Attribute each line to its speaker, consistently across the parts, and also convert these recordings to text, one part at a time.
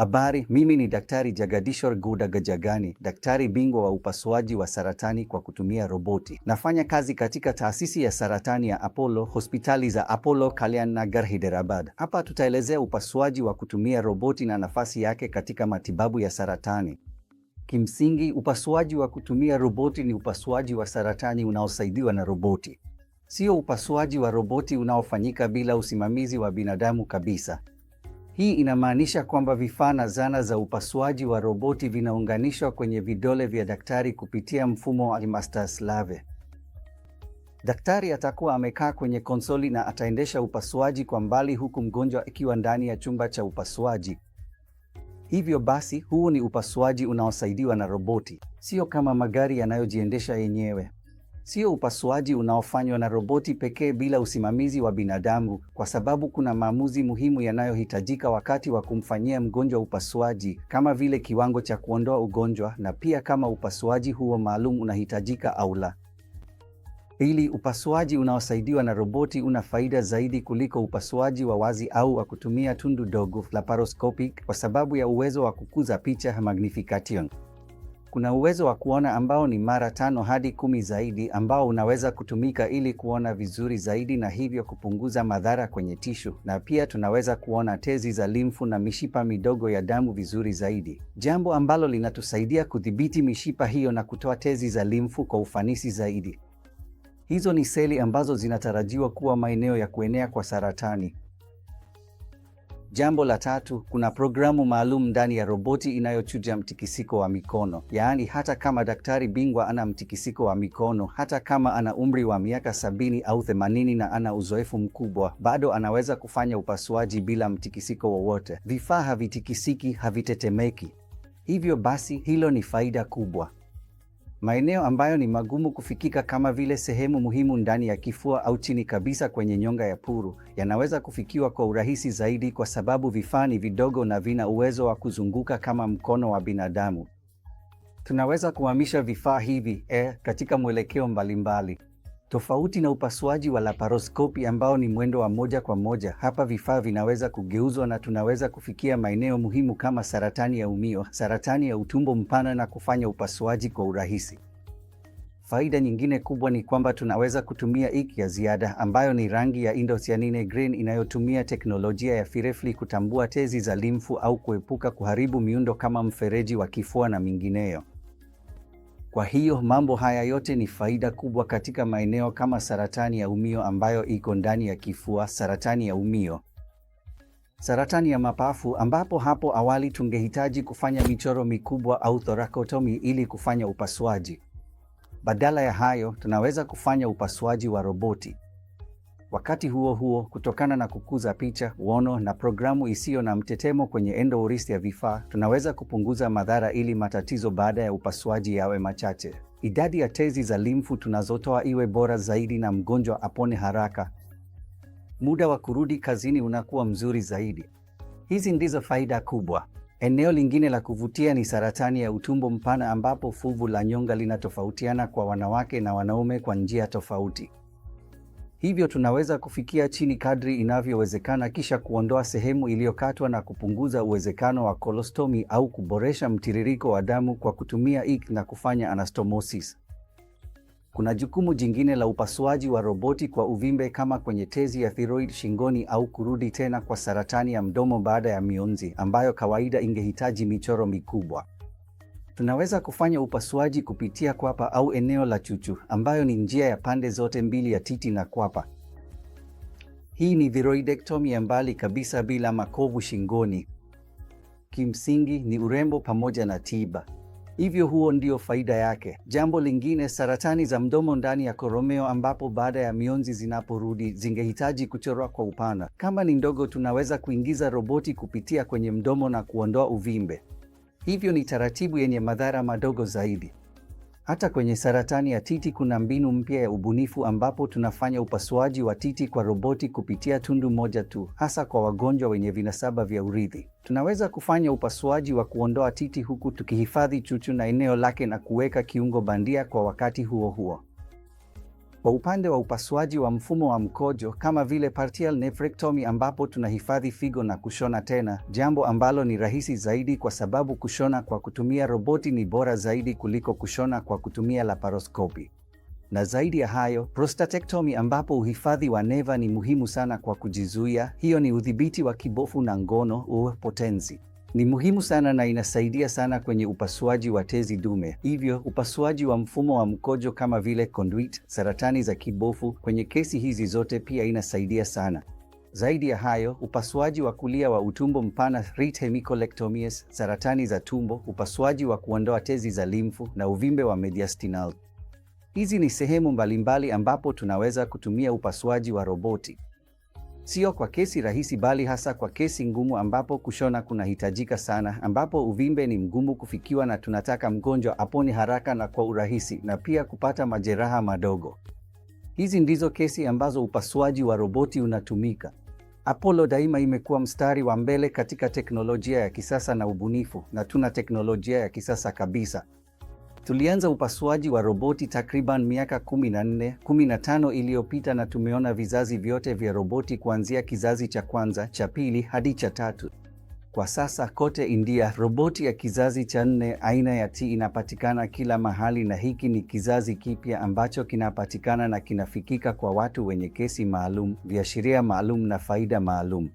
Speaker 1: Habari, mimi ni Daktari Jagadishwar Gouda Gajagani, daktari bingwa wa upasuaji wa saratani kwa kutumia roboti. Nafanya kazi katika taasisi ya saratani ya Apollo, hospitali za Apollo Kalyan Nagar, Hyderabad. Hapa tutaelezea upasuaji wa kutumia roboti na nafasi yake katika matibabu ya saratani. Kimsingi, upasuaji wa kutumia roboti ni upasuaji wa saratani unaosaidiwa na roboti, sio upasuaji wa roboti unaofanyika bila usimamizi wa binadamu kabisa. Hii inamaanisha kwamba vifaa na zana za upasuaji wa roboti vinaunganishwa kwenye vidole vya daktari kupitia mfumo wa slave Daktari atakuwa amekaa kwenye konsoli na ataendesha upasuaji kwa mbali huku mgonjwa akiwa ndani ya chumba cha upasuaji. Hivyo basi, huu ni upasuaji unaosaidiwa na roboti, sio kama magari yanayojiendesha yenyewe. Sio upasuaji unaofanywa na roboti pekee bila usimamizi wa binadamu, kwa sababu kuna maamuzi muhimu yanayohitajika wakati wa kumfanyia mgonjwa upasuaji, kama vile kiwango cha kuondoa ugonjwa na pia kama upasuaji huo maalum unahitajika au la. Pili, upasuaji unaosaidiwa na roboti una faida zaidi kuliko upasuaji wa wazi au wa kutumia tundu dogo laparoscopic, kwa sababu ya uwezo wa kukuza picha magnification. Kuna uwezo wa kuona ambao ni mara tano hadi kumi zaidi ambao unaweza kutumika ili kuona vizuri zaidi na hivyo kupunguza madhara kwenye tishu, na pia tunaweza kuona tezi za limfu na mishipa midogo ya damu vizuri zaidi, jambo ambalo linatusaidia kudhibiti mishipa hiyo na kutoa tezi za limfu kwa ufanisi zaidi. Hizo ni seli ambazo zinatarajiwa kuwa maeneo ya kuenea kwa saratani. Jambo la tatu, kuna programu maalum ndani ya roboti inayochuja mtikisiko wa mikono, yaani hata kama daktari bingwa ana mtikisiko wa mikono, hata kama ana umri wa miaka sabini au themanini na ana uzoefu mkubwa, bado anaweza kufanya upasuaji bila mtikisiko wowote. Vifaa havitikisiki, havitetemeki. Hivyo basi, hilo ni faida kubwa. Maeneo ambayo ni magumu kufikika kama vile sehemu muhimu ndani ya kifua au chini kabisa kwenye nyonga ya puru yanaweza kufikiwa kwa urahisi zaidi kwa sababu vifaa ni vidogo na vina uwezo wa kuzunguka kama mkono wa binadamu. Tunaweza kuhamisha vifaa hivi eh, katika mwelekeo mbalimbali. Tofauti na upasuaji wa laparoskopi ambao ni mwendo wa moja kwa moja, hapa vifaa vinaweza kugeuzwa na tunaweza kufikia maeneo muhimu kama saratani ya umio, saratani ya utumbo mpana na kufanya upasuaji kwa urahisi. Faida nyingine kubwa ni kwamba tunaweza kutumia IK ya ziada ambayo ni rangi ya indocyanine green inayotumia teknolojia ya firefli kutambua tezi za limfu au kuepuka kuharibu miundo kama mfereji wa kifua na mingineyo. Kwa hiyo mambo haya yote ni faida kubwa katika maeneo kama saratani ya umio ambayo iko ndani ya kifua, saratani ya umio, saratani ya mapafu, ambapo hapo awali tungehitaji kufanya michoro mikubwa au thorakotomi ili kufanya upasuaji. Badala ya hayo, tunaweza kufanya upasuaji wa roboti. Wakati huo huo, kutokana na kukuza picha, uono na programu isiyo na mtetemo kwenye endourithi ya vifaa, tunaweza kupunguza madhara ili matatizo baada ya upasuaji yawe machache, idadi ya tezi za limfu tunazotoa iwe bora zaidi, na mgonjwa apone haraka. Muda wa kurudi kazini unakuwa mzuri zaidi. Hizi ndizo faida kubwa. Eneo lingine la kuvutia ni saratani ya utumbo mpana, ambapo fuvu la nyonga linatofautiana kwa wanawake na wanaume kwa njia tofauti. Hivyo tunaweza kufikia chini kadri inavyowezekana kisha kuondoa sehemu iliyokatwa na kupunguza uwezekano wa kolostomi au kuboresha mtiririko wa damu kwa kutumia ik na kufanya anastomosis. Kuna jukumu jingine la upasuaji wa roboti kwa uvimbe kama kwenye tezi ya thyroid shingoni au kurudi tena kwa saratani ya mdomo baada ya mionzi ambayo kawaida ingehitaji michoro mikubwa. Tunaweza kufanya upasuaji kupitia kwapa au eneo la chuchu ambayo ni njia ya pande zote mbili ya titi na kwapa. Hii ni viroidektomi ya mbali kabisa bila makovu shingoni. Kimsingi ni urembo pamoja na tiba. Hivyo huo ndio faida yake. Jambo lingine, saratani za mdomo ndani ya koromeo ambapo baada ya mionzi zinaporudi zingehitaji kuchorwa kwa upana. Kama ni ndogo tunaweza kuingiza roboti kupitia kwenye mdomo na kuondoa uvimbe. Hivyo ni taratibu yenye madhara madogo zaidi. Hata kwenye saratani ya titi kuna mbinu mpya ya ubunifu ambapo tunafanya upasuaji wa titi kwa roboti kupitia tundu moja tu, hasa kwa wagonjwa wenye vinasaba vya urithi. Tunaweza kufanya upasuaji wa kuondoa titi huku tukihifadhi chuchu na eneo lake na kuweka kiungo bandia kwa wakati huo huo. Kwa upande wa upasuaji wa mfumo wa mkojo kama vile partial nephrectomy, ambapo tunahifadhi figo na kushona tena, jambo ambalo ni rahisi zaidi kwa sababu kushona kwa kutumia roboti ni bora zaidi kuliko kushona kwa kutumia laparoskopi. Na zaidi ya hayo, prostatectomy ambapo uhifadhi wa neva ni muhimu sana kwa kujizuia, hiyo ni udhibiti wa kibofu na ngono uwe potenzi ni muhimu sana na inasaidia sana kwenye upasuaji wa tezi dume. Hivyo upasuaji wa mfumo wa mkojo kama vile conduit, saratani za kibofu, kwenye kesi hizi zote pia inasaidia sana. Zaidi ya hayo, upasuaji wa kulia wa utumbo mpana right hemicolectomies, saratani za tumbo, upasuaji wa kuondoa tezi za limfu na uvimbe wa mediastinal. Hizi ni sehemu mbalimbali ambapo tunaweza kutumia upasuaji wa roboti sio kwa kesi rahisi, bali hasa kwa kesi ngumu, ambapo kushona kunahitajika sana, ambapo uvimbe ni mgumu kufikiwa na tunataka mgonjwa apone haraka na kwa urahisi, na pia kupata majeraha madogo. Hizi ndizo kesi ambazo upasuaji wa roboti unatumika. Apollo daima imekuwa mstari wa mbele katika teknolojia ya kisasa na ubunifu, na tuna teknolojia ya kisasa kabisa. Tulianza upasuaji wa roboti takriban miaka 14, 15 iliyopita na tumeona vizazi vyote vya roboti kuanzia kizazi cha kwanza, cha pili hadi cha tatu. Kwa sasa kote India, roboti ya kizazi cha nne aina ya T inapatikana kila mahali, na hiki ni kizazi kipya ambacho kinapatikana na kinafikika kwa watu wenye kesi maalum, viashiria maalum na faida maalum.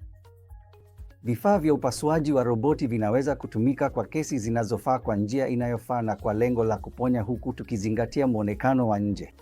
Speaker 1: Vifaa vya upasuaji wa roboti vinaweza kutumika kwa kesi zinazofaa kwa njia inayofaa na kwa lengo la kuponya huku tukizingatia mwonekano wa nje.